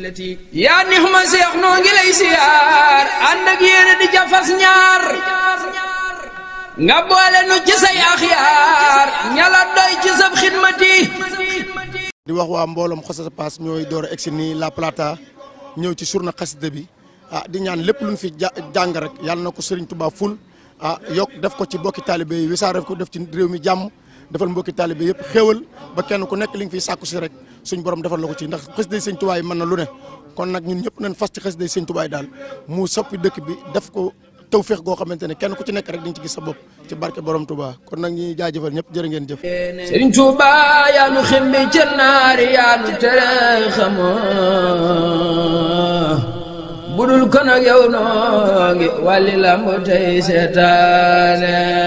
yaa nix ma seex noo ngi lay siyaar ànd ak yéene di jafas ñaar nga boole nu ci say axyaar ñala doy ci sab xidmati di wax waa mbooloom Xosas Pass ñooy door a egsi nii La Plata ñëw ci suur na xasida bi ah di ñaan lépp luñ fi jàng rek yàlla na ko Sëriñ Tuubaa ful ah yokk def ko ci bokki taalibe yi wisaare ko def ci réew mi jàmm defal mbokki taalibe yëpp xéewal ba kenn ku nekk li fi fiy si rek suñ borom defal la ko ci ndax xasida Sëñ Tuubaa man mën na lu ne kon nag ñun ñëpp nañ fas ci xasida Sëñ Tuubaa yi daal mu soppi dëkk bi def ko tawféex goo xamante ne kenn ku ci nekk rek di ci gis sa bopp ci barke borom Touba kon nag ñi jaajëfal ñëpp jërë ngeen jëf. Sëñ Tuubaa yaa nu ximmi ca naari yaa nu tere budul kon ak yow noo lamb tey seetaane